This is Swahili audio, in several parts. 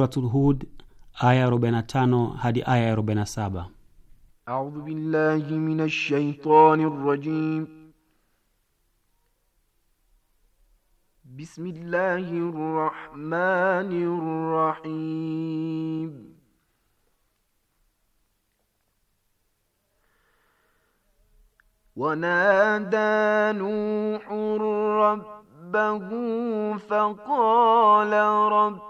Suratul Hud aya 45 hadi aya ya 47. A'udhu billahi minash shaitanir rajim. Bismillahir rahmanir rahim. ونادى نوح ربه فقال رب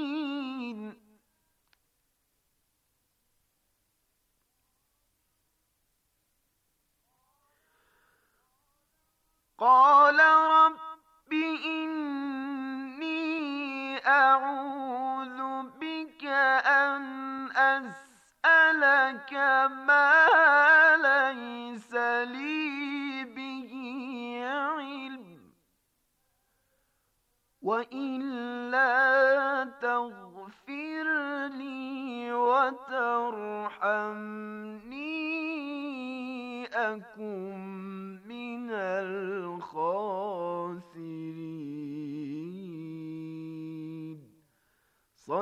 قال رب إني أعوذ بك أن أسألك ما ليس لي به علم وإلى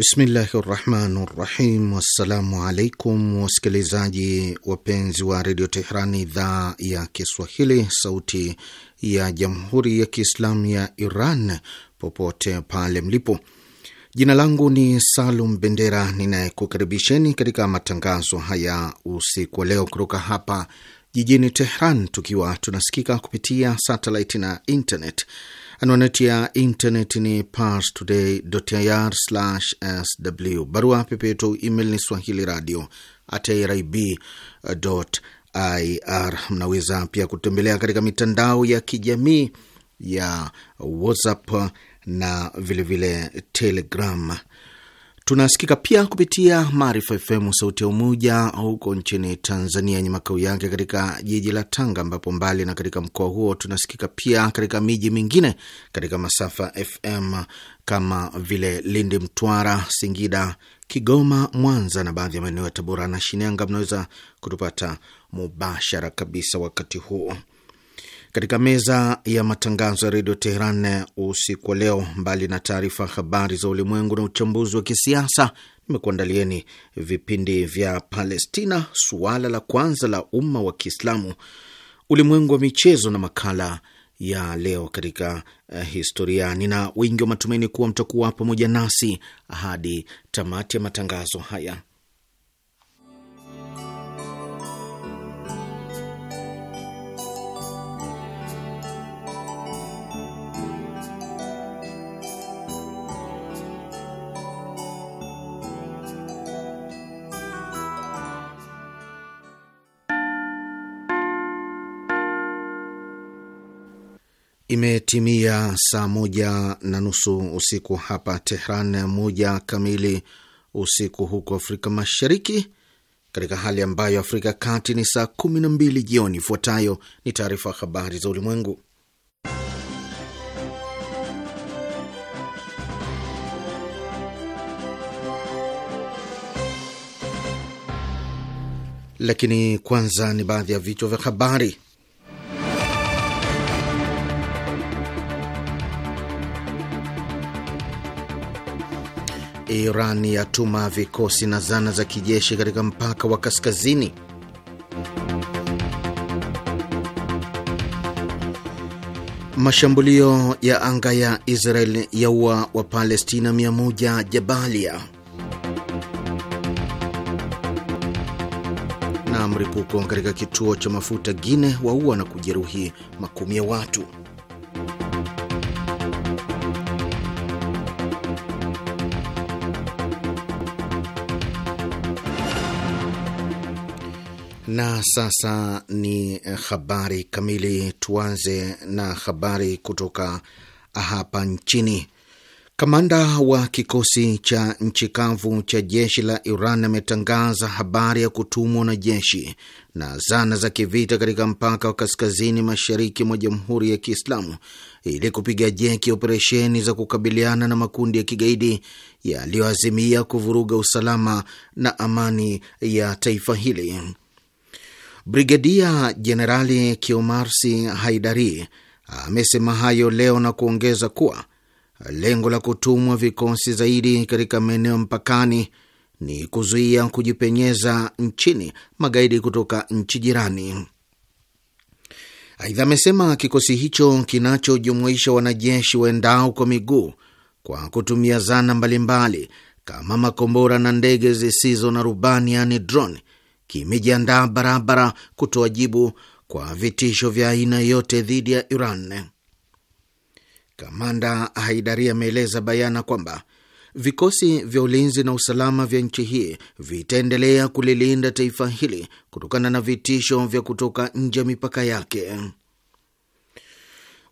Bismillahi rahmani rahim. Wassalamu alaikum wasikilizaji wapenzi wa redio Tehran, idhaa ya Kiswahili, sauti ya jamhuri ya Kiislamu ya Iran, popote pale mlipo. Jina langu ni Salum Bendera ninayekukaribisheni katika matangazo haya usiku wa leo kutoka hapa jijini Tehran, tukiwa tunasikika kupitia satelit na internet. Anwani ya intenet ni parstoday.ir/sw. Barua pepe yetu email ni swahili radio at ir. Mnaweza pia kutembelea katika mitandao ya kijamii ya WhatsApp na vilevile vile Telegram. Tunasikika pia kupitia Maarifa FM sauti ya Umoja huko nchini Tanzania, yenye makao yake katika jiji la Tanga, ambapo mbali na katika mkoa huo tunasikika pia katika miji mingine katika masafa FM kama vile Lindi, Mtwara, Singida, Kigoma, Mwanza na baadhi ya maeneo ya Tabora na Shinyanga. Mnaweza kutupata mubashara kabisa wakati huo katika meza ya matangazo ya redio Teheran usiku wa leo, mbali na taarifa habari za ulimwengu na uchambuzi wa kisiasa, nimekuandalieni vipindi vya Palestina, suala la kwanza la umma wa Kiislamu, ulimwengu wa michezo na makala ya leo katika uh, historia. Nina wingi wa matumaini kuwa mtakuwa pamoja nasi hadi tamati ya matangazo haya. Imetimia saa moja na nusu usiku hapa Tehran, moja kamili usiku huko Afrika Mashariki, katika hali ambayo Afrika ya Kati ni saa kumi na mbili jioni. Ifuatayo ni taarifa ya habari za ulimwengu, lakini kwanza ni baadhi ya vichwa vya habari. Iran yatuma vikosi na zana za kijeshi katika mpaka wa kaskazini. Mashambulio ya anga ya Israel yaua palestina 100 Jabalia. Na mripuko katika kituo cha mafuta guine waua na kujeruhi makumi ya watu. Na sasa ni eh, habari kamili. Tuanze na habari kutoka hapa nchini. Kamanda wa kikosi cha nchi kavu cha jeshi la Iran ametangaza habari ya kutumwa na jeshi na zana za kivita katika mpaka wa kaskazini mashariki mwa Jamhuri ya Kiislamu ili kupiga jeki operesheni za kukabiliana na makundi ya kigaidi yaliyoazimia kuvuruga usalama na amani ya taifa hili. Brigedia Jenerali Kiomarsi Haidari amesema hayo leo na kuongeza kuwa lengo la kutumwa vikosi zaidi katika maeneo mpakani ni kuzuia kujipenyeza nchini magaidi kutoka nchi jirani. Aidha, amesema kikosi hicho kinachojumuisha wanajeshi waendao kwa miguu kwa kutumia zana mbalimbali mbali, kama makombora na ndege zisizo na rubani yani drone kimejiandaa barabara kutoa jibu kwa vitisho vya aina yote dhidi ya Iran. Kamanda Haidari ameeleza bayana kwamba vikosi vya ulinzi na usalama vya nchi hii vitaendelea kulilinda taifa hili kutokana na vitisho vya kutoka nje ya mipaka yake.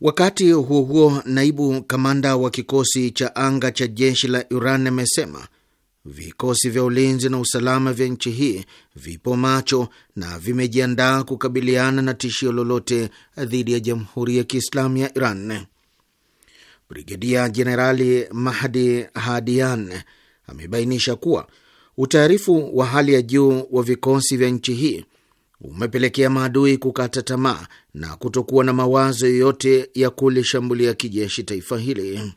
Wakati huo huo, naibu kamanda wa kikosi cha anga cha jeshi la Iran amesema Vikosi vya ulinzi na usalama vya nchi hii vipo macho na vimejiandaa kukabiliana na tishio lolote dhidi ya Jamhuri ya Kiislamu ya Iran. Brigedia Jenerali Mahdi Hadian amebainisha kuwa utaarifu wa hali ya juu wa vikosi vya nchi hii umepelekea maadui kukata tamaa na kutokuwa na mawazo yoyote ya kulishambulia kijeshi taifa hili.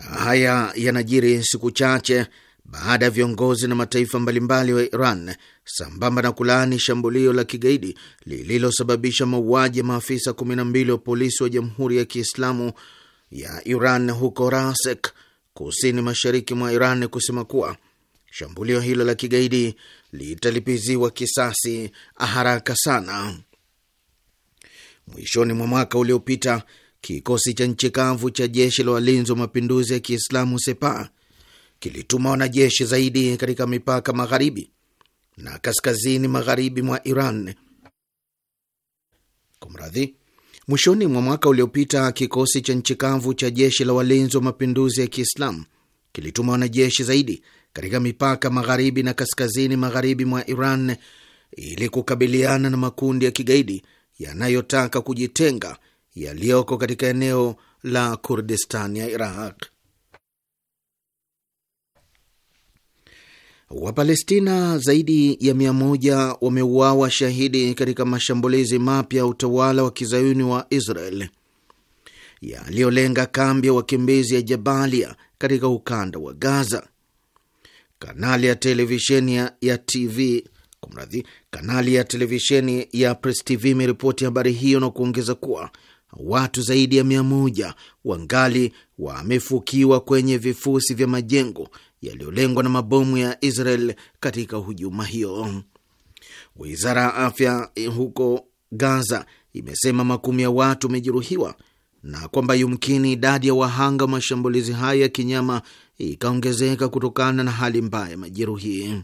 Haya yanajiri siku chache baada ya viongozi na mataifa mbalimbali wa Iran sambamba na kulaani shambulio la kigaidi lililosababisha mauaji ya maafisa 12 wa polisi wa Jamhuri ya Kiislamu ya Iran huko Rasek, kusini mashariki mwa Iran, kusema kuwa shambulio hilo la kigaidi litalipiziwa kisasi haraka sana. Mwishoni mwa mwaka uliopita kikosi cha nchi kavu cha jeshi la walinzi wa mapinduzi ya Kiislamu Sepa kilituma wanajeshi zaidi katika mipaka magharibi na kaskazini magharibi mwa Iran. Kumradhi, mwishoni mwa mwaka uliopita kikosi cha nchi kavu cha jeshi la walinzi wa mapinduzi ya Kiislamu kilituma wanajeshi zaidi katika mipaka magharibi na kaskazini magharibi mwa Iran ili kukabiliana na makundi ya kigaidi yanayotaka kujitenga yaliyoko katika eneo la Kurdistan ya Iraq. Wapalestina zaidi ya mia moja wameuawa shahidi katika mashambulizi mapya ya utawala wa kizayuni wa Israel yaliyolenga kambi ya wakimbizi ya Jabalia katika ukanda wa Gaza. Kanali ya televisheni ya, ya TV kumradhi, kanali ya televisheni ya Press TV imeripoti habari hiyo na kuongeza kuwa watu zaidi ya mia moja wangali wamefukiwa kwenye vifusi vya majengo yaliyolengwa na mabomu ya Israel katika hujuma hiyo. Wizara ya afya huko Gaza imesema makumi ya watu wamejeruhiwa na kwamba yumkini idadi ya wahanga wa mashambulizi hayo ya kinyama ikaongezeka kutokana na hali mbaya ya majeruhi.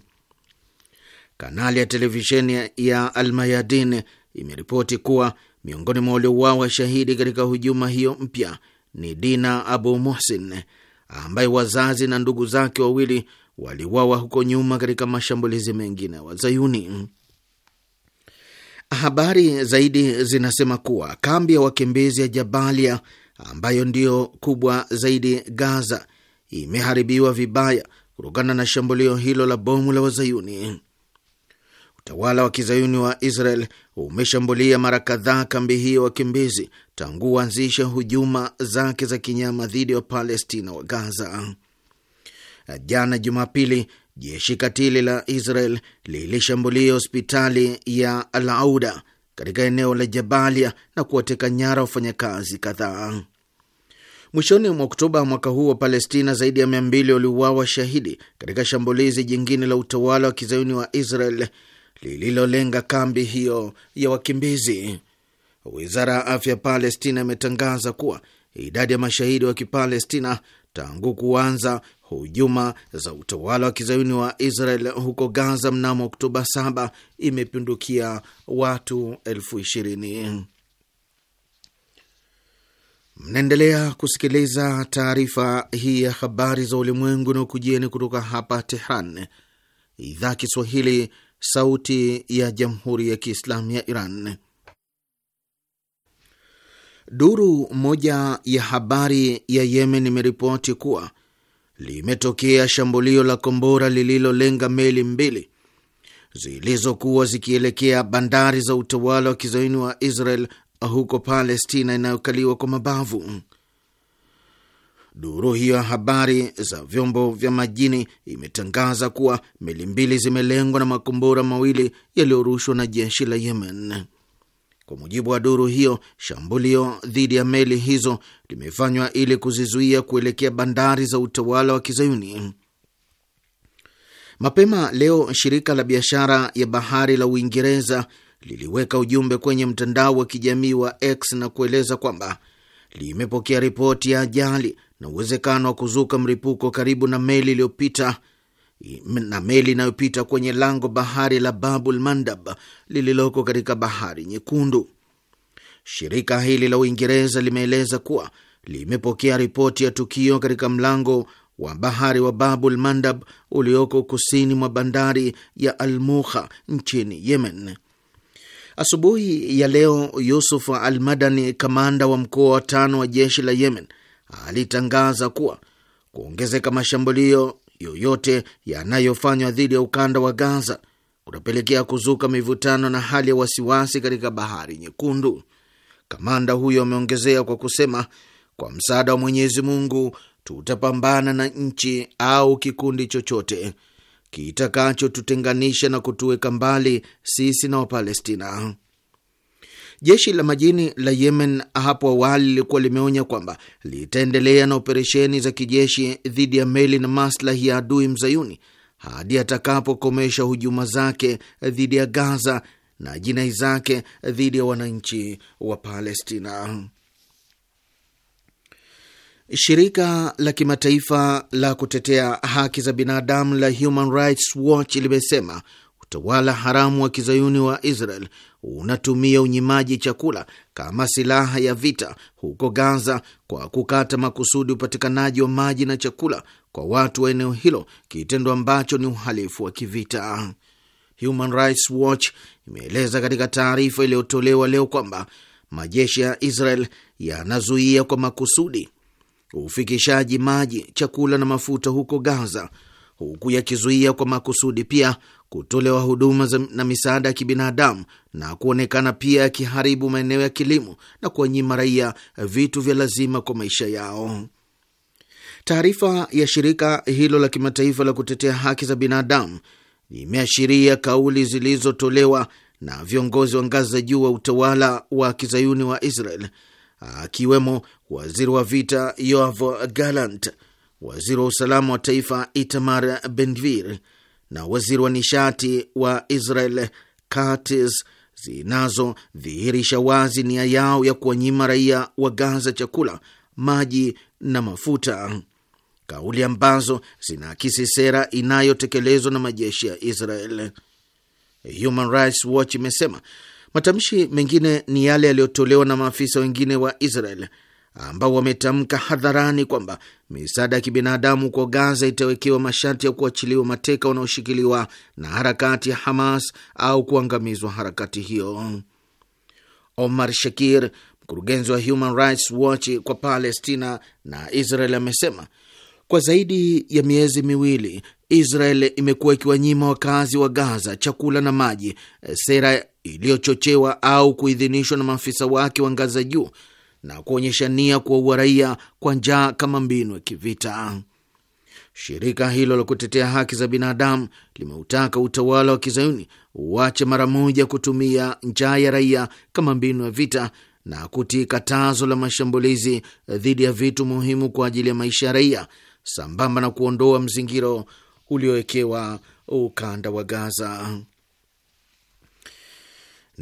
Kanali ya televisheni ya Almayadin imeripoti kuwa Miongoni mwa waliouawa shahidi katika hujuma hiyo mpya ni Dina Abu Muhsin ambaye wazazi na ndugu zake wawili waliuawa huko nyuma katika mashambulizi mengine ya Wazayuni. Habari zaidi zinasema kuwa kambi ya wakimbizi ya Jabalia ambayo ndiyo kubwa zaidi Gaza imeharibiwa vibaya kutokana na shambulio hilo la bomu la Wazayuni. Utawala wa kizayuni wa Israel umeshambulia mara kadhaa kambi hiyo wakimbizi tangu uanzishe hujuma zake za kinyama dhidi ya palestina wa Gaza. Jana Jumapili, jeshi katili la Israel lilishambulia hospitali ya lauda katika eneo la Jabalia na kuwateka nyara wafanyakazi kadhaa. Mwishoni mwa Oktoba mwaka huu wa Palestina zaidi ya mia mbili waliuawa shahidi katika shambulizi jingine la utawala wa kizayuni wa Israel lililolenga kambi hiyo ya wakimbizi. Wizara ya afya ya Palestina imetangaza kuwa idadi ya mashahidi wa Kipalestina tangu kuanza hujuma za utawala wa kizayuni wa Israel huko Gaza mnamo Oktoba 7 imepindukia watu elfu ishirini. Mnaendelea kusikiliza taarifa hii ya habari za ulimwengu na ukujieni kutoka hapa Tehran, idhaa Kiswahili, Sauti ya Jamhuri ya Kiislamu ya Iran. Duru moja ya habari ya Yemen imeripoti kuwa limetokea shambulio la kombora lililolenga meli mbili zilizokuwa zikielekea bandari za utawala wa kizaini wa Israel huko Palestina inayokaliwa kwa mabavu. Duru hiyo ya habari za vyombo vya majini imetangaza kuwa meli mbili zimelengwa na makombora mawili yaliyorushwa na jeshi la Yemen. Kwa mujibu wa duru hiyo, shambulio dhidi ya meli hizo limefanywa ili kuzizuia kuelekea bandari za utawala wa Kizayuni. Mapema leo shirika la biashara ya bahari la Uingereza liliweka ujumbe kwenye mtandao wa kijamii wa X na kueleza kwamba limepokea ripoti ya ajali na uwezekano wa kuzuka mlipuko karibu na meli iliyopita na meli inayopita kwenye lango bahari la Babul Mandab lililoko katika bahari Nyekundu. Shirika hili la Uingereza limeeleza kuwa limepokea ripoti ya tukio katika mlango wa bahari wa Babul Mandab ulioko kusini mwa bandari ya almuha nchini Yemen. Asubuhi ya leo, Yusuf Almadani, kamanda wa mkoa wa tano wa jeshi la Yemen, alitangaza kuwa kuongezeka mashambulio yoyote yanayofanywa dhidi ya ukanda wa Gaza kutapelekea kuzuka mivutano na hali ya wasiwasi katika Bahari Nyekundu. Kamanda huyo ameongezea kwa kusema, kwa msaada wa Mwenyezi Mungu tutapambana na nchi au kikundi chochote kitakachotutenganisha na kutuweka mbali sisi na Wapalestina. Jeshi la majini la Yemen hapo awali lilikuwa limeonya kwamba litaendelea na operesheni za kijeshi dhidi ya meli na maslahi ya adui mzayuni hadi atakapokomesha hujuma zake dhidi ya Gaza na jinai zake dhidi ya wananchi wa Palestina. Shirika la kimataifa la kutetea haki za binadamu la Human Rights Watch limesema utawala haramu wa kizayuni wa Israel unatumia unyimaji chakula kama silaha ya vita huko Gaza kwa kukata makusudi upatikanaji wa maji na chakula kwa watu wa eneo hilo, kitendo ambacho ni uhalifu wa kivita. Human Rights Watch imeeleza katika taarifa iliyotolewa leo kwamba majeshi ya Israel yanazuia kwa makusudi ufikishaji maji, chakula na mafuta huko Gaza huku yakizuia kwa makusudi pia kutolewa huduma na misaada ya kibinadamu na kuonekana pia yakiharibu maeneo ya kilimo na kuwanyima raia vitu vya lazima kwa maisha yao. Taarifa ya shirika hilo la kimataifa la kutetea haki za binadamu imeashiria kauli zilizotolewa na viongozi wa ngazi za juu wa utawala wa kizayuni wa Israel akiwemo waziri wa vita Yoav Gallant waziri wa usalama wa taifa Itamar Benvir na waziri wa nishati wa Israel Katz zinazodhihirisha wazi nia yao ya kuwanyima raia wa Gaza chakula, maji na mafuta, kauli ambazo zinaakisi sera inayotekelezwa na majeshi ya Israel. Human Rights Watch imesema matamshi mengine ni yale yaliyotolewa na maafisa wengine wa Israel ambao wametamka hadharani kwamba misaada ya kibinadamu kwa Gaza itawekewa masharti ya kuachiliwa mateka wanaoshikiliwa na harakati ya Hamas au kuangamizwa harakati hiyo. Omar Shakir, mkurugenzi wa Human Rights Watch kwa Palestina na Israel, amesema kwa zaidi ya miezi miwili Israel imekuwa ikiwanyima wakazi wa Gaza chakula na maji, sera iliyochochewa au kuidhinishwa na maafisa wake wa ngazi za juu na kuonyesha nia kuwaua raia kwa njaa kama mbinu ya kivita. Shirika hilo la kutetea haki za binadamu limeutaka utawala wa kizayuni uache mara moja kutumia njaa ya raia kama mbinu ya vita na kutii katazo la mashambulizi dhidi ya vitu muhimu kwa ajili ya maisha ya raia, sambamba na kuondoa mzingiro uliowekewa ukanda wa Gaza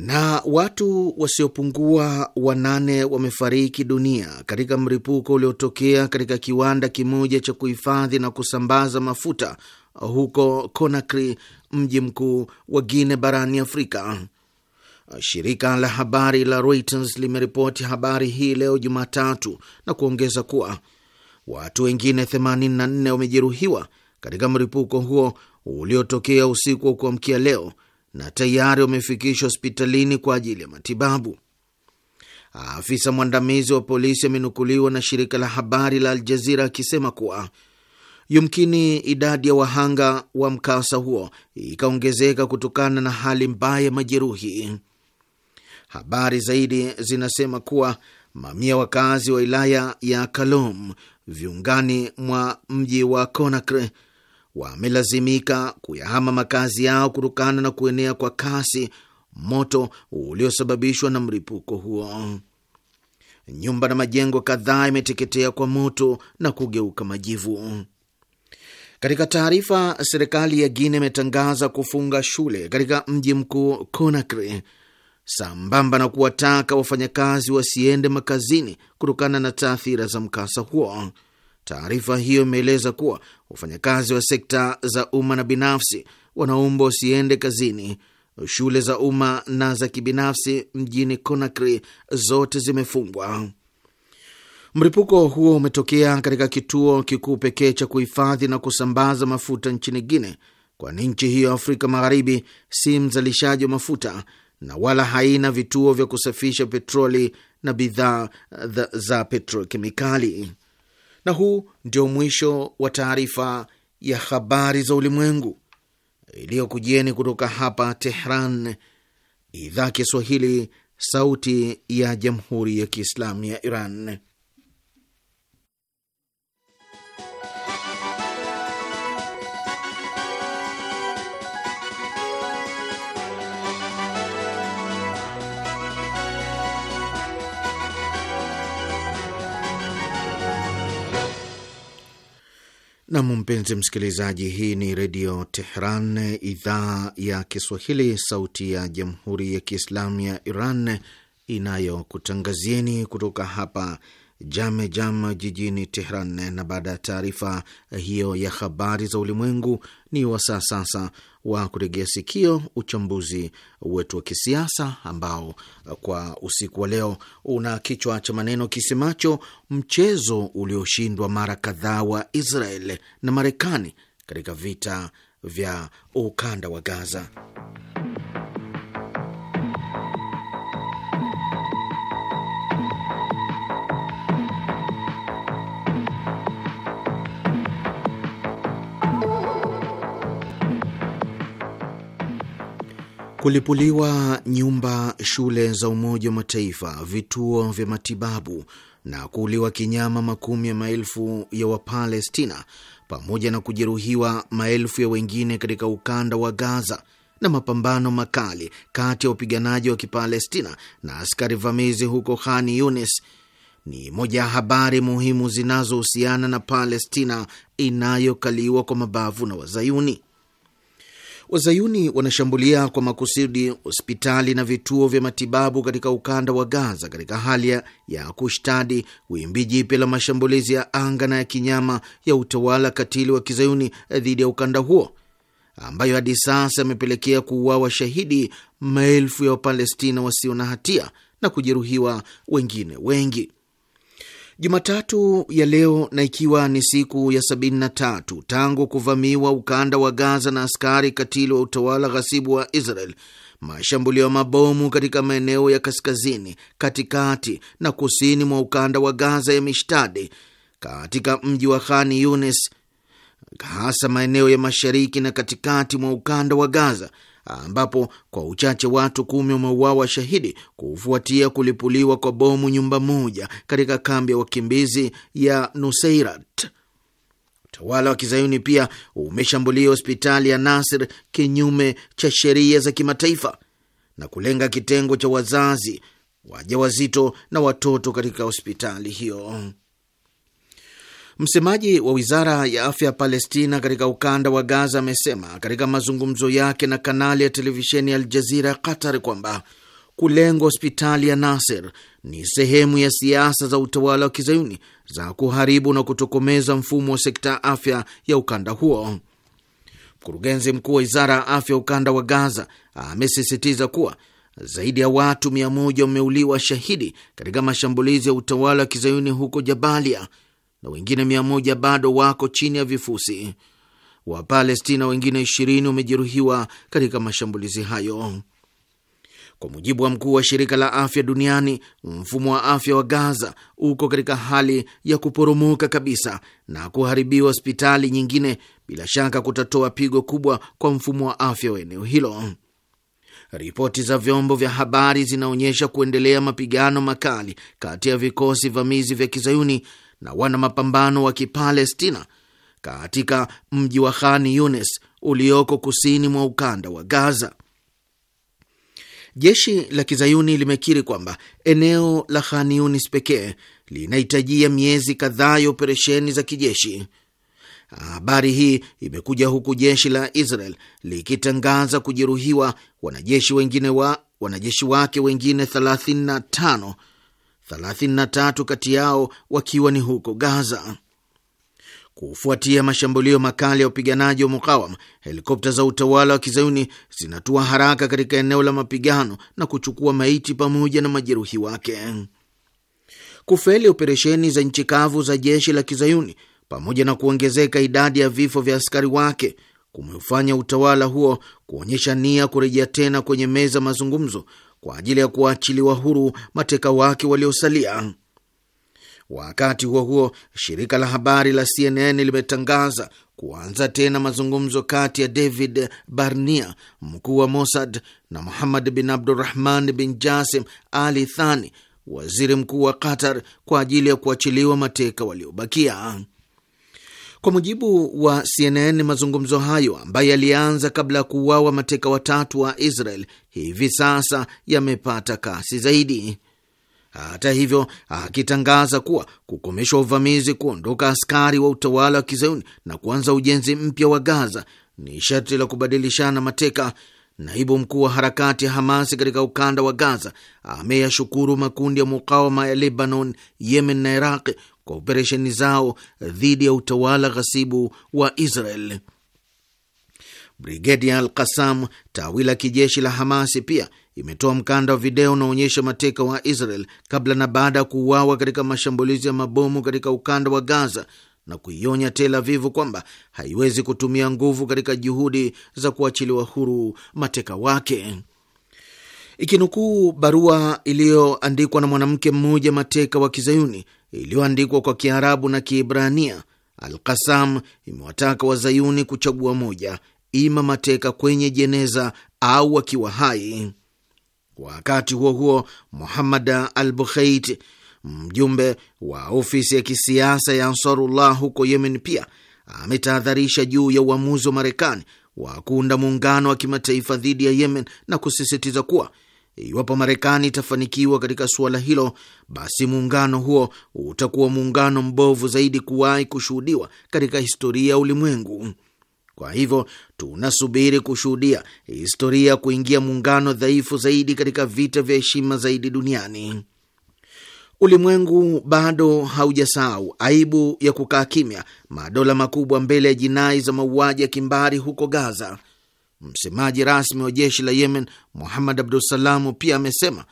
na watu wasiopungua wanane wamefariki dunia katika mlipuko uliotokea katika kiwanda kimoja cha kuhifadhi na kusambaza mafuta huko Conakry, mji mkuu wa Guinea barani Afrika. Shirika la habari la Reuters limeripoti habari hii leo Jumatatu na kuongeza kuwa watu wengine 84 wamejeruhiwa katika mlipuko huo uliotokea usiku wa kuamkia leo na tayari wamefikishwa hospitalini kwa ajili ya matibabu. Afisa mwandamizi wa polisi amenukuliwa na shirika la habari la Aljazira akisema kuwa yumkini idadi ya wahanga wa mkasa huo ikaongezeka kutokana na hali mbaya ya majeruhi. Habari zaidi zinasema kuwa mamia wakazi wa wilaya ya Kalom viungani mwa mji wa Conakry wamelazimika kuyahama makazi yao kutokana na kuenea kwa kasi moto uliosababishwa na mlipuko huo. Nyumba na majengo kadhaa imeteketea kwa moto na kugeuka majivu. Katika taarifa, serikali ya Guinea imetangaza kufunga shule katika mji mkuu Conakry, sambamba na kuwataka wafanyakazi wasiende makazini kutokana na taathira za mkasa huo. Taarifa hiyo imeeleza kuwa wafanyakazi wa sekta za umma na binafsi wanaombwa wasiende kazini. Shule za umma na za kibinafsi mjini Conakry zote zimefungwa. Mlipuko huo umetokea katika kituo kikuu pekee cha kuhifadhi na kusambaza mafuta nchini Guine, kwani nchi hiyo Afrika Magharibi si mzalishaji wa mafuta na wala haina vituo vya kusafisha petroli na bidhaa za petrokemikali. Na huu ndio mwisho wa taarifa ya habari za ulimwengu iliyokujieni kutoka hapa Tehran, idhaa Kiswahili, sauti ya jamhuri ya kiislamu ya Iran. Nam, mpenzi msikilizaji, hii ni Redio Tehran, idhaa ya Kiswahili, sauti ya Jamhuri ya Kiislamu ya Iran inayokutangazieni kutoka hapa Jame Jam jijini Tehran. Na baada ya taarifa hiyo ya habari za ulimwengu, ni wasaa sasa wa kuregea sikio uchambuzi wetu wa kisiasa ambao kwa usiku wa leo una kichwa cha maneno kisemacho mchezo ulioshindwa mara kadhaa wa Israel na Marekani katika vita vya ukanda wa Gaza. Kulipuliwa nyumba, shule za Umoja wa Mataifa, vituo vya matibabu na kuuliwa kinyama makumi ya maelfu ya Wapalestina pamoja na kujeruhiwa maelfu ya wengine katika ukanda wa Gaza na mapambano makali kati ya wapiganaji wa Kipalestina na askari vamizi huko Khan Yunis ni moja ya habari muhimu zinazohusiana na Palestina inayokaliwa kwa mabavu na Wazayuni. Wazayuni wanashambulia kwa makusudi hospitali na vituo vya matibabu katika ukanda wa Gaza katika hali ya kushtadi wimbi jipya la mashambulizi ya anga na ya kinyama ya utawala katili wa kizayuni dhidi ya ukanda huo ambayo hadi sasa yamepelekea kuuawa shahidi maelfu ya Wapalestina wasio na hatia na kujeruhiwa wengine wengi. Jumatatu ya leo na ikiwa ni siku ya 73 tangu kuvamiwa ukanda wa Gaza na askari katili wa utawala ghasibu wa Israel, mashambulio ya mabomu katika maeneo ya kaskazini, katikati na kusini mwa ukanda wa Gaza yameshtadi katika mji wa Khan Yunis, hasa maeneo ya mashariki na katikati mwa ukanda wa Gaza ambapo kwa uchache watu kumi wameuawa shahidi kufuatia kulipuliwa kwa bomu nyumba moja katika kambi ya wakimbizi ya Nuseirat. Utawala wa kizayuni pia umeshambulia hospitali ya Nasir kinyume cha sheria za kimataifa na kulenga kitengo cha wazazi wajawazito na watoto katika hospitali hiyo. Msemaji wa wizara ya afya ya Palestina katika ukanda wa Gaza amesema katika mazungumzo yake na kanali ya televisheni ya Aljazira ya Qatar kwamba kulengwa hospitali ya Nasser ni sehemu ya siasa za utawala wa kizayuni za kuharibu na kutokomeza mfumo wa sekta afya ya ukanda huo. Mkurugenzi mkuu wa wizara ya afya ya ukanda wa Gaza amesisitiza kuwa zaidi ya watu mia moja wameuliwa shahidi katika mashambulizi ya utawala wa kizayuni huko Jabalia, na wengine mia moja bado wako chini ya vifusi. Wapalestina wengine ishirini wamejeruhiwa katika mashambulizi hayo. Kwa mujibu wa mkuu wa shirika la afya duniani, mfumo wa afya wa Gaza uko katika hali ya kuporomoka kabisa, na kuharibiwa hospitali nyingine bila shaka kutatoa pigo kubwa kwa mfumo wa afya wa eneo hilo. Ripoti za vyombo vya habari zinaonyesha kuendelea mapigano makali kati ya vikosi vamizi vya kizayuni na wana mapambano wa Kipalestina katika mji wa Khan Yunis ulioko kusini mwa ukanda wa Gaza. Jeshi la kizayuni limekiri kwamba eneo la Khan Yunis pekee linahitajia miezi kadhaa ya operesheni za kijeshi. Habari hii imekuja huku jeshi la Israel likitangaza kujeruhiwa wanajeshi wengine wa wanajeshi wake wengine 35 33 kati yao wakiwa ni huko Gaza. Kufuatia mashambulio makali ya upiganaji wa mukawama, helikopta za utawala wa kizayuni zinatua haraka katika eneo la mapigano na kuchukua maiti pamoja na majeruhi wake. Kufeli operesheni za nchi kavu za jeshi la kizayuni pamoja na kuongezeka idadi ya vifo vya askari wake kumefanya utawala huo kuonyesha nia kurejea tena kwenye meza mazungumzo kwa ajili ya kuachiliwa huru mateka wake waliosalia. Wakati huo huo, shirika la habari la CNN limetangaza kuanza tena mazungumzo kati ya David Barnia, mkuu wa Mossad, na Muhammad bin Abdurahman bin Jasim Ali Thani, waziri mkuu wa Qatar, kwa ajili ya kuachiliwa mateka waliobakia. Kwa mujibu wa CNN, mazungumzo hayo ambayo yalianza kabla ya kuuawa mateka watatu wa Israel hivi sasa yamepata kasi zaidi. Hata hivyo, akitangaza kuwa kukomeshwa uvamizi, kuondoka askari wa utawala wa kizayuni na kuanza ujenzi mpya wa Gaza ni sharti la kubadilishana mateka. Naibu mkuu wa harakati ya Hamasi katika ukanda wa Gaza ameyashukuru makundi ya mukawama ya Lebanon, Yemen na Iraq kwa operesheni zao dhidi ya utawala ghasibu wa Israel. Brigedia Al Kasam, tawi la kijeshi la Hamasi, pia imetoa mkanda wa video unaonyesha mateka wa Israel kabla na baada ya kuuawa katika mashambulizi ya mabomu katika ukanda wa Gaza na kuionya Tel Avivu kwamba haiwezi kutumia nguvu katika juhudi za kuachiliwa huru mateka wake ikinukuu barua iliyoandikwa na mwanamke mmoja mateka wa kizayuni iliyoandikwa kwa Kiarabu na kiibrania Al-Qassam imewataka wazayuni kuchagua moja, ima mateka kwenye jeneza au wakiwa hai. Wakati huo huo, Muhammad al-Bukhait, mjumbe wa ofisi ya kisiasa ya Ansarullah huko Yemen, pia ametahadharisha juu ya uamuzi wa Marekani wa kuunda muungano wa kimataifa dhidi ya Yemen na kusisitiza kuwa Iwapo Marekani itafanikiwa katika suala hilo, basi muungano huo utakuwa muungano mbovu zaidi kuwahi kushuhudiwa katika historia ya ulimwengu. Kwa hivyo tunasubiri kushuhudia historia ya kuingia muungano dhaifu zaidi katika vita vya heshima zaidi duniani. Ulimwengu bado haujasahau aibu ya kukaa kimya madola makubwa mbele ya jinai za mauaji ya kimbari huko Gaza. Msemaji rasmi wa jeshi la Yemen, Muhammad salamu pia amesema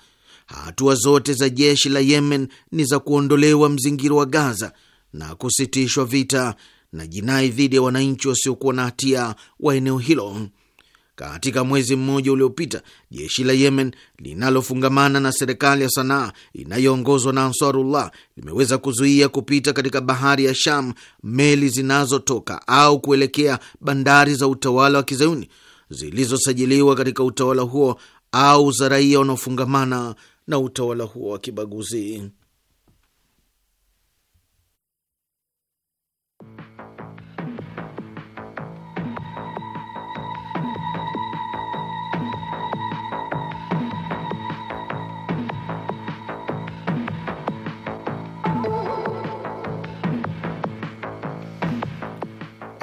hatua zote za jeshi la Yemen ni za kuondolewa mzingiro wa Gaza na kusitishwa vita na jinai dhidi ya wananchi wasiokuwa na hatia wa eneo hilo. Katika mwezi mmoja uliopita, jeshi la Yemen linalofungamana na serikali ya Sanaa inayoongozwa na Ansarullah limeweza kuzuia kupita katika bahari ya Sham meli zinazotoka au kuelekea bandari za utawala wa kizayuni zilizosajiliwa katika utawala huo au za raia wanaofungamana na utawala huo wa kibaguzi.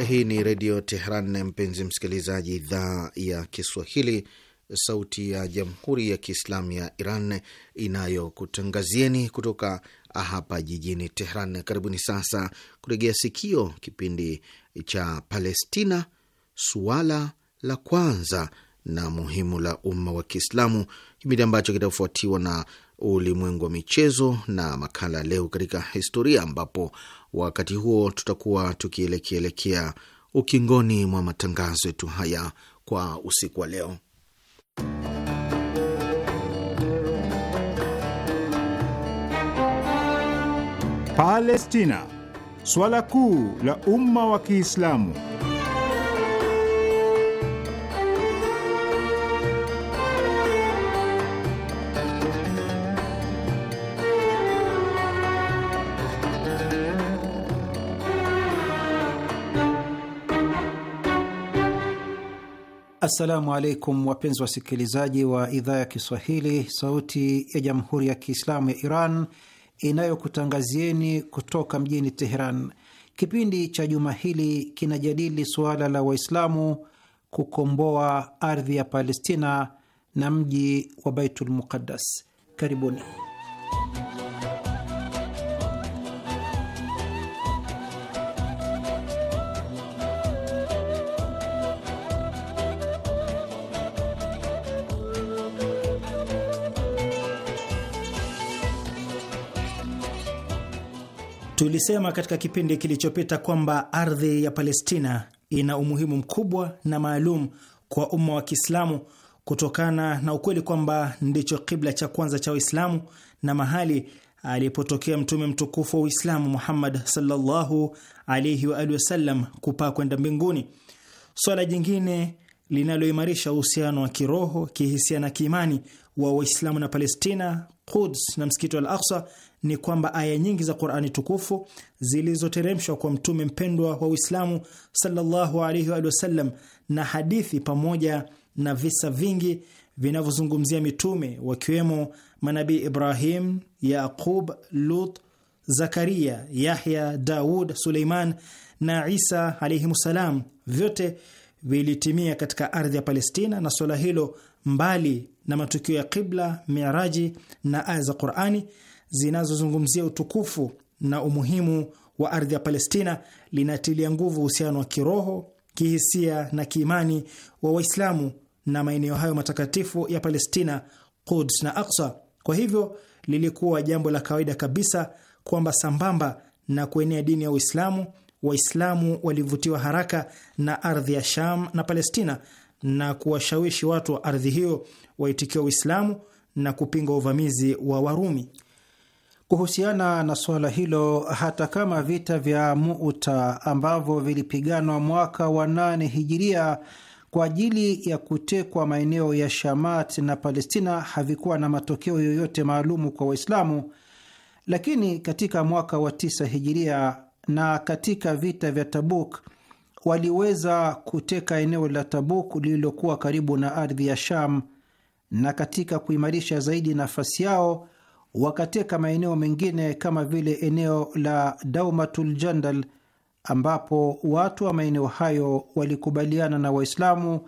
Hii ni Redio Tehran, mpenzi msikilizaji, idhaa ya Kiswahili, sauti ya Jamhuri ya Kiislamu ya Iran inayokutangazieni kutoka hapa jijini Tehran. Karibuni sasa kuregea sikio kipindi cha Palestina, suala la kwanza na muhimu la umma wa Kiislamu, kipindi ambacho kitafuatiwa na ulimwengu wa michezo na makala leo katika historia, ambapo Wakati huo tutakuwa tukielekeelekea ukingoni mwa matangazo yetu haya kwa usiku wa leo. Palestina, swala kuu la umma wa Kiislamu. Assalamu alaikum wapenzi wasikilizaji wa idhaa ya Kiswahili, Sauti ya Jamhuri ya Kiislamu ya Iran inayokutangazieni kutoka mjini Teheran. Kipindi cha juma hili kinajadili suala la Waislamu kukomboa ardhi ya Palestina na mji wa Baitul Muqaddas. Karibuni. Tulisema katika kipindi kilichopita kwamba ardhi ya Palestina ina umuhimu mkubwa na maalum kwa umma wa Kiislamu kutokana na ukweli kwamba ndicho kibla cha kwanza cha Waislamu na mahali alipotokea mtume mtukufu wa Uislamu Muhammad sallallahu alaihi wa alihi wasallam kupaa kwenda mbinguni. Swala jingine linaloimarisha uhusiano wa kiroho, kihisia na kiimani wa Waislamu na Palestina Quds na msikiti wal al ni kwamba aya nyingi za Qur'ani tukufu zilizoteremshwa kwa mtume mpendwa wa Uislamu sallallahu wa sallam na hadithi pamoja na visa vingi vinavyozungumzia mitume wakiwemo manabii Ibrahim, Yaqub, Lut, Zakaria, Yahya, Daud, Suleiman na Isa alayhimu vyote vilitimia katika ardhi ya Palestina, na swala hilo mbali na matukio ya Qibla, miaraji na aya za Qurani zinazozungumzia utukufu na umuhimu wa ardhi ya Palestina linatilia nguvu uhusiano wa kiroho, kihisia na kiimani wa Waislamu na maeneo hayo matakatifu ya Palestina, Quds na Aksa. Kwa hivyo lilikuwa jambo la kawaida kabisa kwamba sambamba na kuenea dini ya Uislamu, Waislamu walivutiwa haraka na ardhi ya Sham na Palestina na kuwashawishi watu wa ardhi hiyo waitikio wa Uislamu na kupinga uvamizi wa Warumi. Kuhusiana na suala hilo, hata kama vita vya Muuta ambavyo vilipiganwa mwaka wa nane hijiria kwa ajili ya kutekwa maeneo ya Shamat na Palestina havikuwa na matokeo yoyote maalumu kwa Waislamu, lakini katika mwaka wa tisa hijiria na katika vita vya Tabuk waliweza kuteka eneo la Tabuk lililokuwa karibu na ardhi ya Sham na katika kuimarisha zaidi nafasi yao wakateka maeneo mengine kama vile eneo la Daumatul Jandal ambapo watu wa maeneo hayo walikubaliana na Waislamu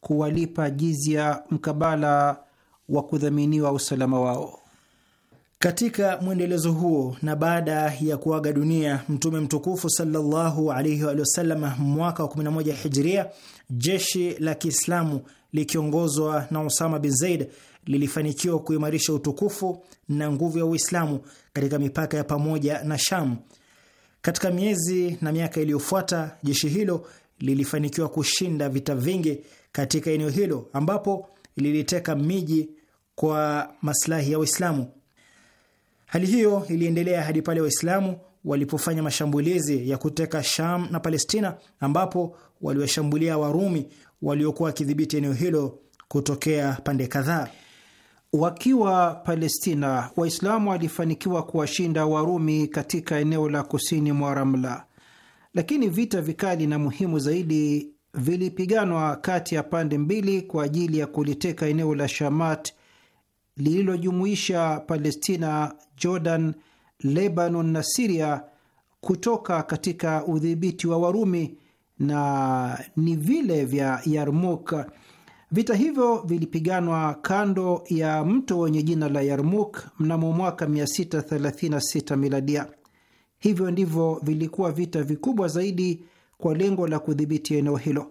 kuwalipa jizia mkabala wa kudhaminiwa usalama wao. Katika mwendelezo huo na baada ya kuaga dunia Mtume mtukufu sallallahu alaihi wasallam mwaka wa 11 Hijria, jeshi la Kiislamu likiongozwa na Osama bin Zaid lilifanikiwa kuimarisha utukufu na nguvu ya Uislamu katika mipaka ya pamoja na Sham. Katika miezi na miaka iliyofuata, jeshi hilo lilifanikiwa kushinda vita vingi katika eneo hilo ambapo liliteka miji kwa maslahi ya Waislamu. Hali hiyo iliendelea hadi pale Waislamu walipofanya mashambulizi ya kuteka Sham na Palestina ambapo waliwashambulia Warumi waliokuwa wakidhibiti eneo hilo kutokea pande kadhaa. Wakiwa Palestina, Waislamu walifanikiwa kuwashinda Warumi katika eneo la kusini mwa Ramla, lakini vita vikali na muhimu zaidi vilipiganwa kati ya pande mbili kwa ajili ya kuliteka eneo la Shamat lililojumuisha Palestina, Jordan, Lebanon na Siria kutoka katika udhibiti wa Warumi na ni vile vya Yarmuk. Vita hivyo vilipiganwa kando ya mto wenye jina la Yarmuk mnamo mwaka 636 miladia. Hivyo ndivyo vilikuwa vita vikubwa zaidi kwa lengo la kudhibiti eneo hilo.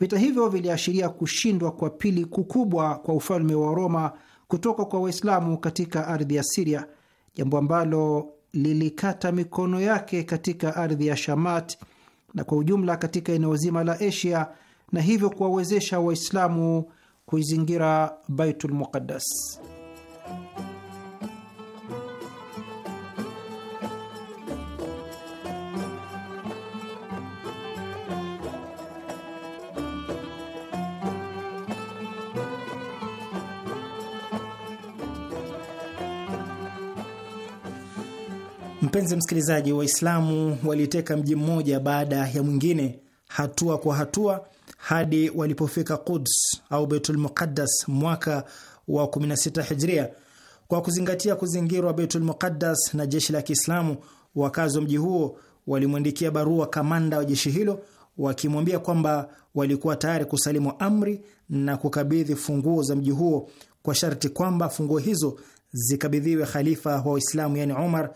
Vita hivyo viliashiria kushindwa kwa pili kukubwa kwa ufalme wa Roma kutoka kwa Waislamu katika ardhi ya Siria, jambo ambalo lilikata mikono yake katika ardhi ya Shamat na kwa ujumla katika eneo zima la Asia na hivyo kuwawezesha Waislamu kuizingira Baitul Muqaddas. Mpenzi msikilizaji, Waislamu waliteka mji mmoja baada ya mwingine, hatua kwa hatua, hadi walipofika Quds au Beitul Muqaddas mwaka wa 16 Hijria. Kwa kuzingatia kuzingirwa Beitul Muqaddas na jeshi la Kiislamu, wakazi wa mji huo walimwandikia barua kamanda wa jeshi hilo wakimwambia kwamba walikuwa tayari kusalimu amri na kukabidhi funguo za mji huo kwa sharti kwamba funguo hizo zikabidhiwe khalifa wa Waislamu, yani Umar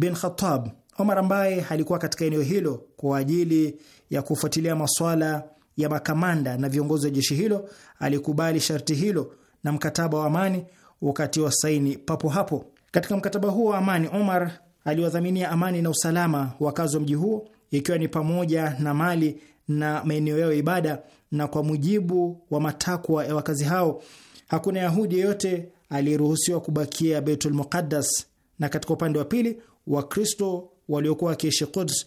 bin Khattab. Omar ambaye alikuwa katika eneo hilo kwa ajili ya kufuatilia maswala ya makamanda na viongozi wa jeshi hilo alikubali sharti hilo na mkataba wa amani wa saini papo hapo. Katika mkataba huo wa amani, Omar aliwadhaminia amani na usalama wakazi wa mji huo, ikiwa ni pamoja na mali na maeneo yao ibada. Na kwa mujibu wa matakwa ya wakazi hao, hakuna Yahudi yeyote aliyeruhusiwa kubakia Beitul Muqaddas. Na katika upande wa pili Wakristo waliokuwa wakiishi Quds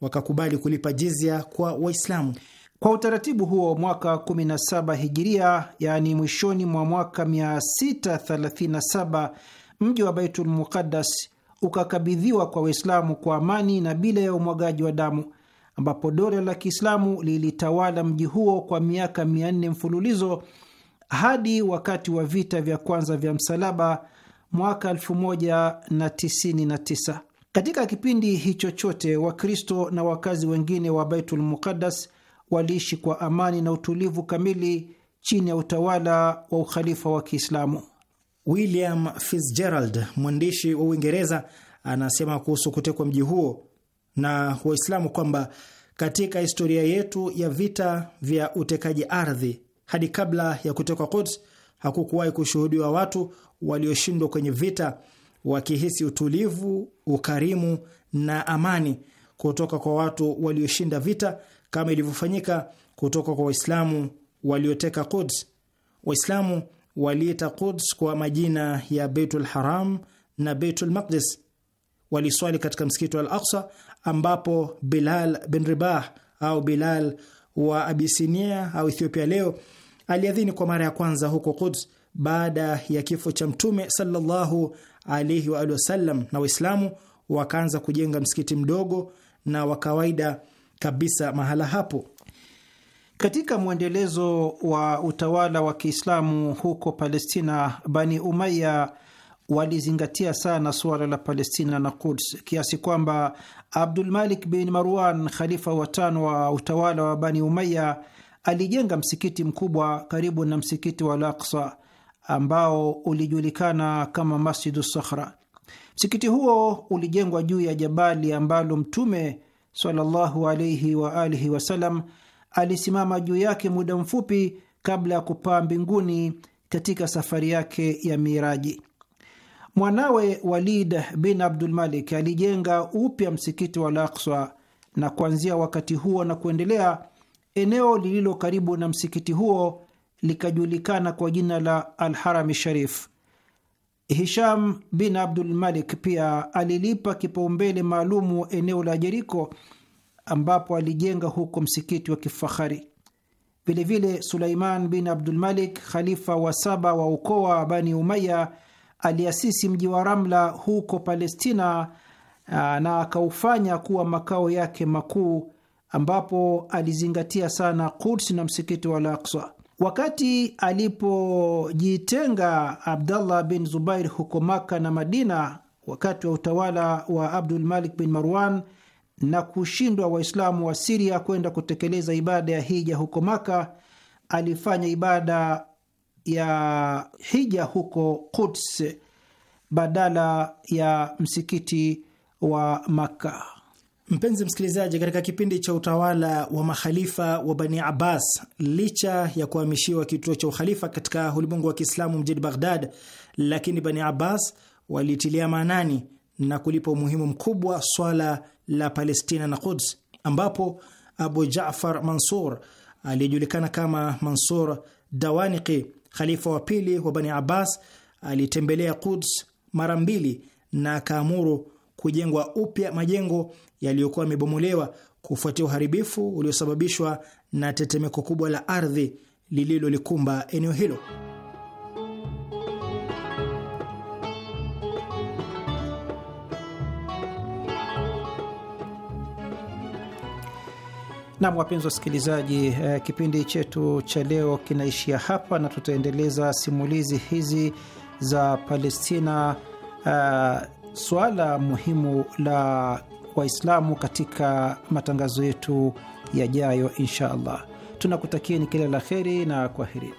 wakakubali kulipa jizya kwa Waislamu. Kwa utaratibu huo, mwaka 17 hijiria, yaani mwishoni mwa mwaka 637 mji wa Baitul Muqaddas ukakabidhiwa kwa Waislamu kwa amani na bila ya umwagaji wa damu, ambapo dola la Kiislamu lilitawala mji huo kwa miaka 400 mfululizo hadi wakati wa vita vya kwanza vya msalaba mwaka 1099. Katika kipindi hicho chote Wakristo na wakazi wengine wa Baitul Muqaddas waliishi kwa amani na utulivu kamili chini ya utawala wa ukhalifa wa Kiislamu. William Fitzgerald, mwandishi wa Uingereza, anasema kuhusu kutekwa mji huo na Waislamu kwamba katika historia yetu ya vita vya utekaji ardhi hadi kabla ya kutekwa Quds hakukuwahi kushuhudiwa watu walioshindwa kwenye vita wakihisi utulivu, ukarimu na amani kutoka kwa watu walioshinda vita kama ilivyofanyika kutoka kwa Waislamu walioteka Quds. Waislamu waliita Quds kwa majina ya Beitul Haram na Beitul Maqdis. Waliswali katika msikiti wa Al Aqsa, ambapo Bilal bin Ribah au Bilal wa Abisinia au Ethiopia leo aliadhini kwa mara ya kwanza huko Quds baada ya kifo cha Mtume sallallahu alaihi wa alihi wasallam, na Waislamu wakaanza kujenga msikiti mdogo na wa kawaida kabisa mahala hapo. Katika mwendelezo wa utawala wa Kiislamu huko Palestina, Bani Umaya walizingatia sana suala la Palestina na Kuds kiasi kwamba abdul malik bin Marwan, khalifa wa tano wa utawala wa Bani Umaya, alijenga msikiti mkubwa karibu na msikiti wa Al-Aqsa ambao ulijulikana kama Masjidu Sakhra. Msikiti huo ulijengwa juu ya jabali ambalo Mtume sallallahu alaihi alisimama juu yake muda mfupi kabla ya kupaa mbinguni katika safari yake ya Miraji. Mwanawe Walid bin Abdulmalik alijenga upya msikiti wa Al-Aqsa, na kuanzia wakati huo na kuendelea, eneo lililo karibu na msikiti huo likajulikana kwa jina la Alharami Sharif. Hisham bin malik pia alilipa kipaumbele maalumu eneo la Jeriko, ambapo alijenga huko msikiti wa kifahari. Vilevile Sulaiman bin abdul malik khalifa wa saba wa ukoo wa Bani Umaya, aliasisi mji wa Ramla huko Palestina na akaufanya kuwa makao yake makuu, ambapo alizingatia sana Quds na msikiti wa Al-Aqsa. Wakati alipojitenga Abdallah bin Zubair huko Maka na Madina wakati wa utawala wa Abdul Malik bin Marwan na kushindwa Waislamu wa Siria kwenda kutekeleza ibada ya hija huko Maka, alifanya ibada ya hija huko Quds badala ya msikiti wa Makka. Mpenzi msikilizaji, katika kipindi cha utawala wa makhalifa wa Bani Abbas, licha ya kuhamishiwa kituo cha ukhalifa katika ulimwengu wa Kiislamu mjini Baghdad, lakini Bani Abbas walitilia maanani na kulipa umuhimu mkubwa swala la Palestina na Quds, ambapo Abu Jafar Mansur aliyejulikana kama Mansur Dawaniki, khalifa wa pili wa Bani Abbas, alitembelea Quds mara mbili na akaamuru kujengwa upya majengo yaliyokuwa yamebomolewa kufuatia uharibifu uliosababishwa na tetemeko kubwa la ardhi lililolikumba eneo hilo. Nam, wapenzi wasikilizaji, eh, kipindi chetu cha leo kinaishia hapa na tutaendeleza simulizi hizi za Palestina, eh, suala muhimu la Waislamu katika matangazo yetu yajayo, insha Allah. Tunakutakieni kila la kheri na kwaherini.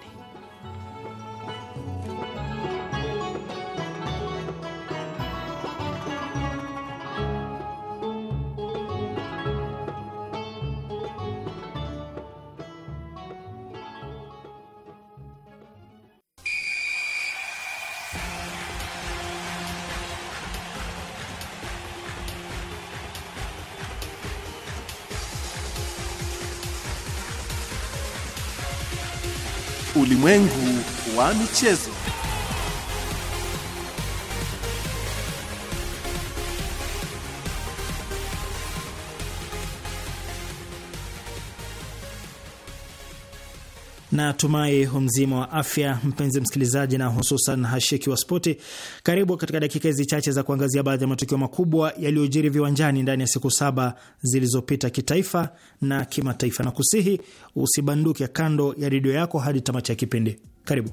michezo. na tumai humzima wa afya mpenzi msikilizaji, na hususan hashiki wa spoti. Karibu katika dakika hizi chache za kuangazia baadhi ya matukio makubwa yaliyojiri viwanjani ndani ya siku saba zilizopita kitaifa na kimataifa, na kusihi usibanduke kando ya redio yako hadi tamati ya kipindi. Karibu.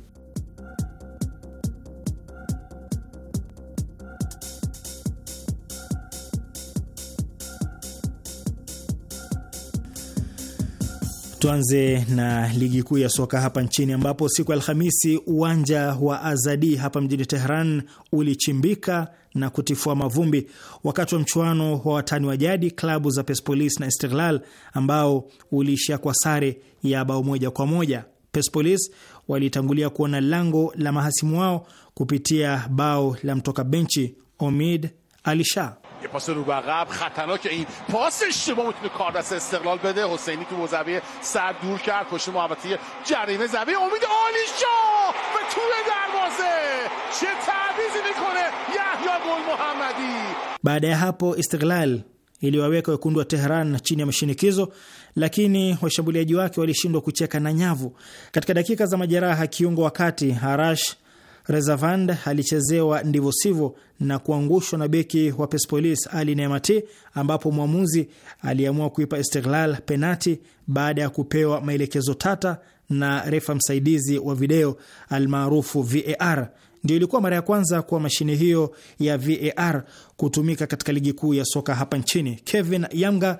Tuanze na ligi kuu ya soka hapa nchini ambapo siku ya Alhamisi uwanja wa Azadi hapa mjini Tehran ulichimbika na kutifua mavumbi wakati wa mchuano wa watani wa jadi klabu za Persepolis na Istiklal ambao uliishia kwa sare ya bao moja kwa moja. Persepolis walitangulia kuona lango la mahasimu wao kupitia bao la mtoka benchi Omid Alisha. یه پاس رو به عقب خطرناک این پاس اشتباه میتونه کار دست استقلال بده حسینی تو زاویه سر دور کرد پشت محوطه جریمه زوی امید عالی شاه به طول دروازه چه تعویضی میکنه یحیی گل محمدی بعد ya hapo Istiklal iliwaweka wekundu wa Tehran chini ya mashinikizo, lakini washambuliaji wake walishindwa kucheka na nyavu. Katika dakika za majeraha, kiungo wakati Harash Rezavand alichezewa ndivyo sivyo na kuangushwa na beki wa Persepolis Ali Nemati, ambapo mwamuzi aliamua kuipa Istiklal penati baada ya kupewa maelekezo tata na refa msaidizi wa video almaarufu VAR. Ndio ilikuwa mara ya kwanza kwa mashine hiyo ya VAR kutumika katika ligi kuu ya soka hapa nchini. Kevin Yamga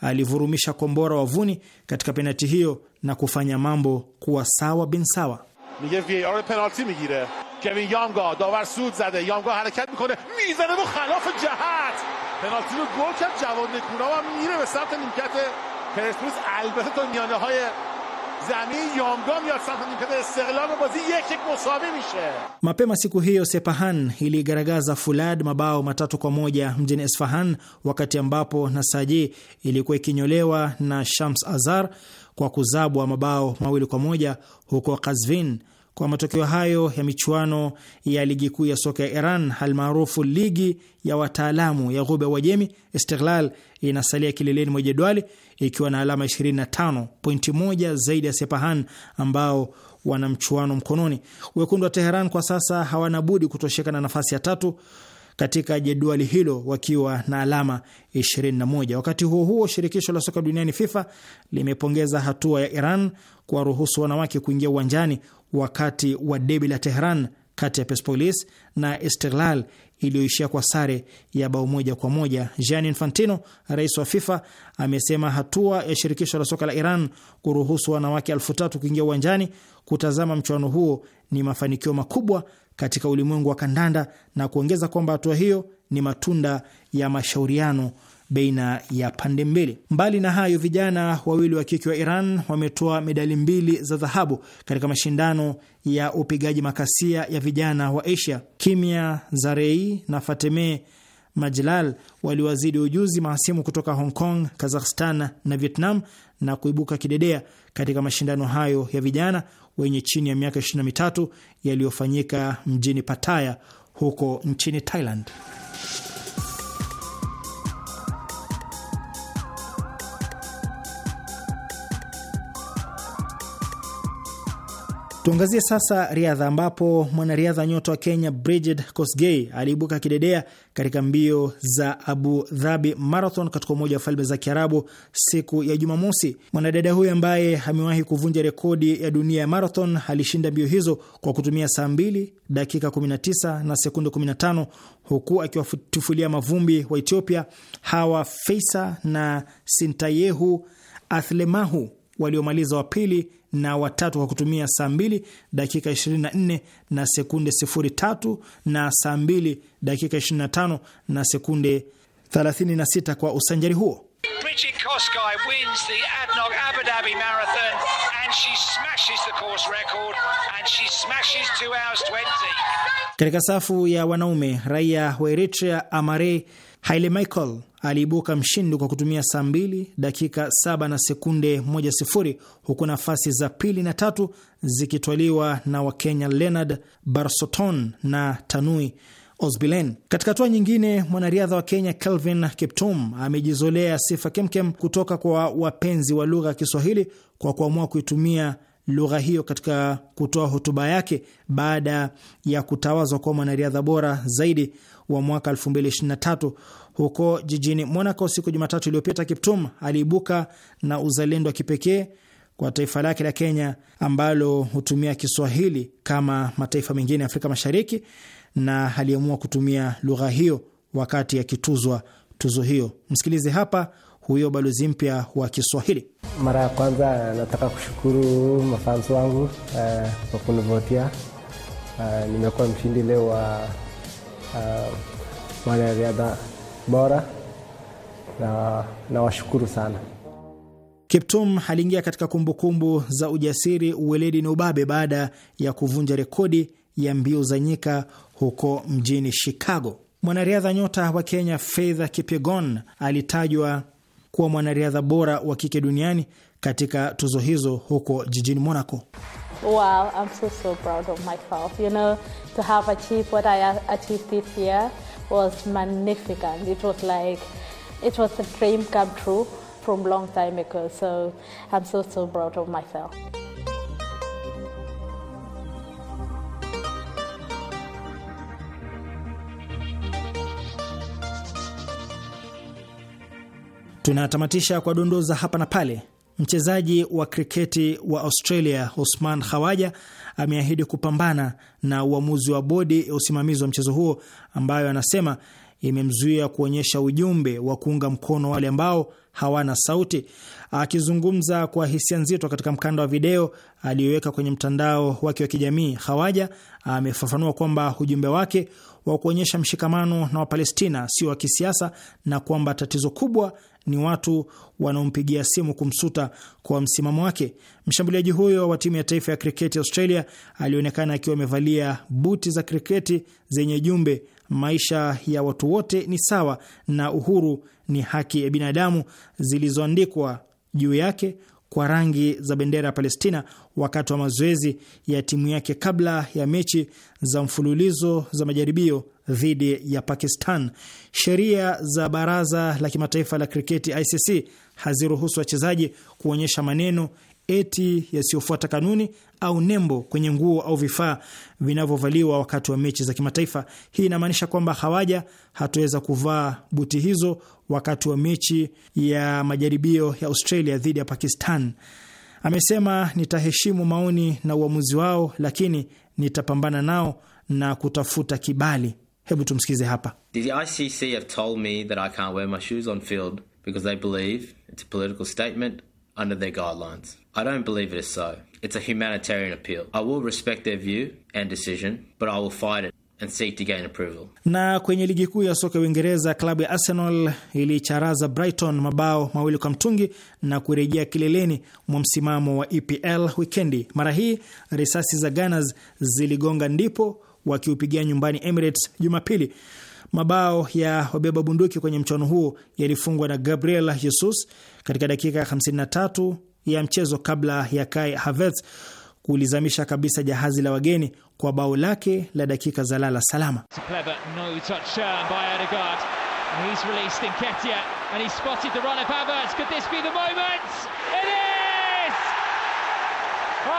alivurumisha kombora wavuni katika penati hiyo na kufanya mambo kuwa sawa bin sawa. کوین یانگا داور سود زده یانگا حرکت میکنه میزنه و خلاف جهت پنالتی رو گل کرد جواد نکونا هم میره به سمت نیمکت پرسپولیس البته تو میانه های Mapema siku hiyo Sepahan iligaragaza Fulad mabao matatu kwa moja mjini Esfahan, wakati ambapo Nasaji ilikuwa ikinyolewa na Shams Azar kwa kuzabwa mabao mawili kwa moja huko Kazvin. Kwa matokeo hayo ya michuano ya ligi kuu ya soka ya Iran almaarufu ligi ya wataalamu ya Ghuba Wajemi, Istiklal inasalia kileleni mwa jedwali ikiwa na alama 25, pointi moja zaidi ya Sepahan ambao wana mchuano mkononi. Wekundu wa Teheran kwa sasa hawana budi kutosheka na nafasi ya tatu katika jedwali hilo wakiwa na alama 21. Wakati huo huo, shirikisho la soka duniani FIFA limepongeza hatua ya Iran kuwaruhusu wanawake kuingia uwanjani wakati wa debi la Tehran kati ya Persepolis na Istiklal iliyoishia kwa sare ya bao moja kwa moja. Gianni Infantino, rais wa FIFA, amesema hatua ya shirikisho la soka la Iran kuruhusu wanawake elfu tatu kuingia uwanjani kutazama mchuano huo ni mafanikio makubwa katika ulimwengu wa kandanda na kuongeza kwamba hatua hiyo ni matunda ya mashauriano baina ya pande mbili. Mbali na hayo, vijana wawili wa kike wa Iran wametoa medali mbili za dhahabu katika mashindano ya upigaji makasia ya vijana wa Asia. Kimya Zarei na Fateme Majlal waliwazidi ujuzi mahasimu kutoka Hong Kong, Kazakhstan na Vietnam na kuibuka kidedea katika mashindano hayo ya vijana wenye chini ya miaka 23 yaliyofanyika mjini Pattaya huko nchini Thailand. Tuangazie sasa riadha ambapo mwanariadha nyota wa Kenya Brigid Kosgei aliibuka kidedea katika mbio za Abu Dhabi Marathon katika Umoja wa Falme za Kiarabu siku ya Jumamosi. Mwanadada huyo ambaye amewahi kuvunja rekodi ya dunia ya marathon alishinda mbio hizo kwa kutumia saa 2 dakika 19 na sekunde 15 huku akiwatufulia mavumbi wa Ethiopia Hawa Feisa na Sintayehu Athlemahu waliomaliza wa pili na watatu kwa kutumia saa 2 dakika 24 na sekunde 03 na saa 2 dakika 25 na sekunde 36 kwa usanjari huo. Katika safu ya wanaume raia wa Eritrea Amare Haile Michael aliibuka mshindi kwa kutumia saa b dakika 7 na sekunde sifuri, huku nafasi za pili na tatu zikitwaliwa na Wakenya Leonard Barsoton na Tanui Osbilen. Katika hatua nyingine, mwanariadha wa Kenya Kelvin Kiptum amejizolea sifa kemkem kutoka kwa wapenzi wa lugha ya Kiswahili kwa kuamua kuitumia lugha hiyo katika kutoa hotuba yake baada ya kutawazwa kuwa mwanariadha bora zaidi wa mwaka 2023 huko jijini Monaco siku Jumatatu iliyopita, Kiptum aliibuka na uzalendo wa kipekee kwa taifa lake la Kenya ambalo hutumia Kiswahili kama mataifa mengine ya Afrika Mashariki, na aliamua kutumia lugha hiyo wakati akituzwa tuzo hiyo. Msikilize hapa huyo balozi mpya wa Kiswahili. Mara ya kwanza nataka kushukuru mafansi wangu eh, kwa kunivotia eh, nimekuwa mshindi leo wa eh, mwanariadha bora na nawashukuru sana. Kiptum aliingia katika kumbukumbu kumbu za ujasiri, uweledi na ubabe baada ya kuvunja rekodi ya mbio za nyika huko mjini Chicago. Mwanariadha nyota wa Kenya Faith Kipyegon alitajwa kuwa mwanariadha bora wa kike duniani katika tuzo hizo huko jijini Monaco. Wow, was magnificent. It was like, it was a dream come true from long time ago. So I'm so, so proud of myself. Tunatamatisha kwa dondoza hapa na pale. Mchezaji wa kriketi wa Australia Usman Khawaja ameahidi kupambana na uamuzi wa bodi ya usimamizi wa mchezo huo ambayo anasema imemzuia kuonyesha ujumbe wa kuunga mkono wale ambao hawana sauti. Akizungumza kwa hisia nzito katika mkanda wa video aliyoweka kwenye mtandao wake wa kijamii, Hawaja amefafanua kwamba ujumbe wake wa kuonyesha mshikamano na Wapalestina sio wa kisiasa na kwamba tatizo kubwa ni watu wanaompigia simu kumsuta kwa msimamo wake. Mshambuliaji huyo wa timu ya taifa ya kriketi Australia alionekana akiwa amevalia buti za kriketi zenye jumbe maisha ya watu wote ni sawa na uhuru ni haki ya binadamu zilizoandikwa juu yake kwa rangi za bendera ya Palestina wakati wa mazoezi ya timu yake kabla ya mechi za mfululizo za majaribio dhidi ya Pakistan. Sheria za Baraza la Kimataifa la Kriketi ICC haziruhusu wachezaji kuonyesha maneno eti yasiyofuata kanuni au nembo kwenye nguo au vifaa vinavyovaliwa wakati wa mechi za kimataifa. Hii inamaanisha kwamba Hawaja hataweza kuvaa buti hizo wakati wa mechi ya majaribio ya Australia dhidi ya Pakistan. Amesema, nitaheshimu maoni na uamuzi wao, lakini nitapambana nao na kutafuta kibali. Hebu tumsikize hapa. The ICC have told me that I can't wear my shoes on field because they believe it's a political statement under their guidelines. I don't believe it is so. It's a humanitarian appeal. I will respect their view and decision, but I will fight it. And seek to gain approval. Na kwenye ligi kuu ya soka ya Uingereza, klabu ya Arsenal ilicharaza Brighton mabao mawili kwa mtungi na kurejea kileleni mwa msimamo wa EPL wikendi. Mara hii risasi za Gunners ziligonga ndipo wakiupigia nyumbani Emirates Jumapili. Mabao ya wabeba bunduki kwenye mchuano huo yalifungwa na Gabriel Jesus katika dakika 53 ya mchezo kabla ya Kai Havertz kulizamisha kabisa jahazi la wageni kwa bao lake la dakika za lala salama.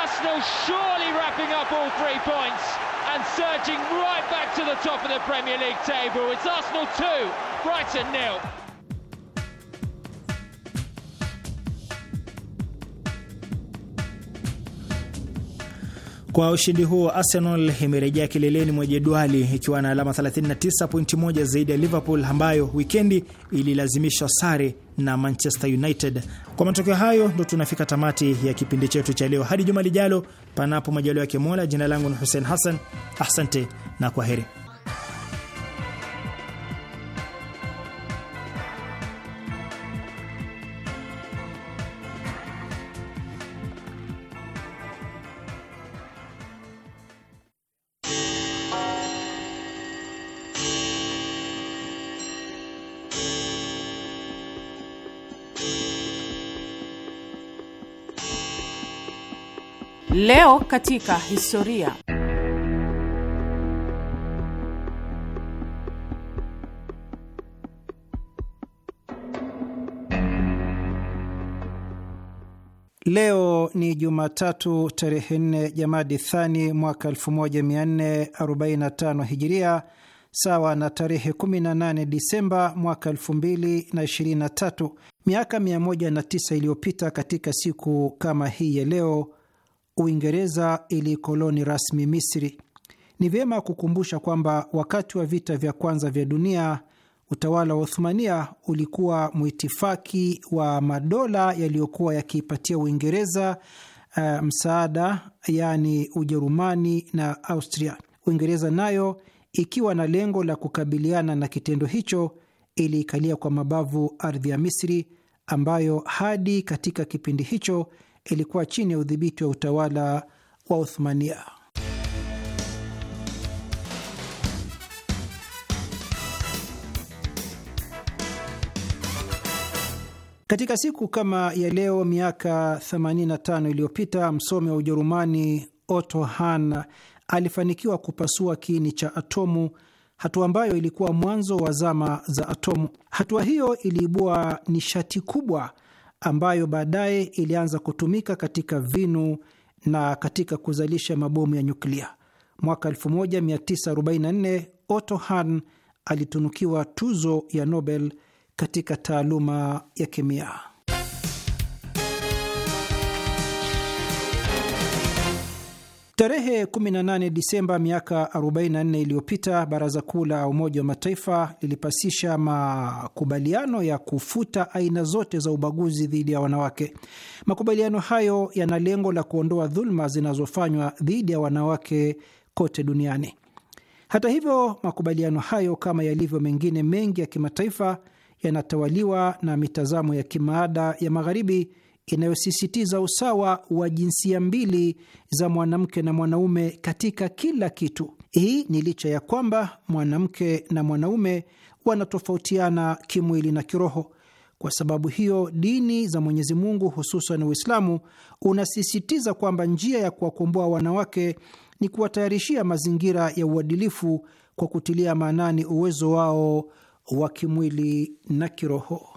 Arsenal surely wrapping up all three points. and surging right back to the top of the Premier League table. It's Arsenal 2, Brighton nil. Kwa ushindi huo, Arsenal imerejea kileleni mwa jedwali ikiwa na alama 39 pointi moja zaidi ya Liverpool ambayo wikendi ililazimishwa sare na Manchester United. Kwa matokeo hayo, ndo tunafika tamati ya kipindi chetu cha leo. Hadi juma lijalo, panapo majalio yake Mola. Jina langu ni Hussein Hassan, asante na kwa heri Leo katika historia. Leo ni Jumatatu tarehe nne Jamadi Thani mwaka 1445 Hijiria, sawa na tarehe 18 Disemba mwaka 2023. Miaka 109 iliyopita katika siku kama hii ya leo Uingereza ilikoloni rasmi Misri. Ni vyema kukumbusha kwamba wakati wa vita vya kwanza vya dunia utawala wa Uthmania ulikuwa mwitifaki wa madola yaliyokuwa yakiipatia Uingereza uh, msaada, yaani Ujerumani na Austria. Uingereza nayo ikiwa na lengo la kukabiliana na kitendo hicho iliikalia kwa mabavu ardhi ya Misri ambayo hadi katika kipindi hicho ilikuwa chini ya udhibiti wa utawala wa Uthmania. Katika siku kama ya leo miaka 85 iliyopita msomi wa Ujerumani Otto Hahn alifanikiwa kupasua kiini cha atomu, hatua ambayo ilikuwa mwanzo wa zama za atomu. Hatua hiyo iliibua nishati kubwa ambayo baadaye ilianza kutumika katika vinu na katika kuzalisha mabomu ya nyuklia. Mwaka 1944 Otto Hahn alitunukiwa tuzo ya Nobel katika taaluma ya kemia. Tarehe 18 Disemba miaka 44 iliyopita Baraza Kuu la Umoja wa Mataifa lilipasisha makubaliano ya kufuta aina zote za ubaguzi dhidi ya wanawake. Makubaliano hayo yana lengo la kuondoa dhuluma zinazofanywa dhidi ya wanawake kote duniani. Hata hivyo, makubaliano hayo kama yalivyo mengine mengi ya kimataifa yanatawaliwa na mitazamo ya kimaada ya Magharibi inayosisitiza usawa wa jinsia mbili za mwanamke na mwanaume katika kila kitu. Hii ni licha ya kwamba mwanamke na mwanaume wanatofautiana kimwili na kiroho. Kwa sababu hiyo, dini za Mwenyezi Mungu, hususan Uislamu, unasisitiza kwamba njia ya kuwakomboa wanawake ni kuwatayarishia mazingira ya uadilifu kwa kutilia maanani uwezo wao wa kimwili na kiroho.